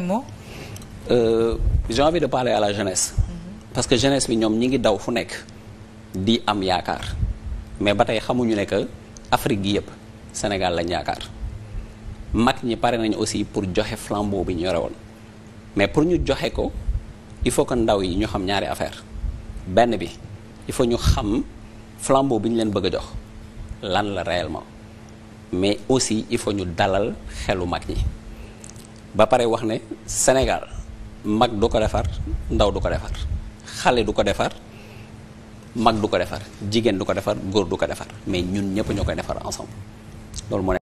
mots. Euh, j'ai envie de parler à la jeunesse. Mm-hmm. parce que jeunesse bi ñoom ñi ngi daw fu nekk di am yaakaar mais ba tey xamuñu ne que Afrique gi yëpp Sénégal lañ yaakaar mag ñi pare nañ aussi pour joxe flambeau bi ñu yore woon mais pour ñu joxe ko il faut que ndaw yi ñu xam ñaari affaire benn bi il faut ñu xam flambeau bi ñu leen bëgg a jox lan la réellement mais aussi il faut ñu dalal xelu mag ñi. ba pare wax ne Sénégal mag du ko defar ndaw du ko defar xale du ko defar mag du ko defar jigéen du ko defar góor du ko defar mais ñun ñëpp ñoo koy defar ensemble loolu moo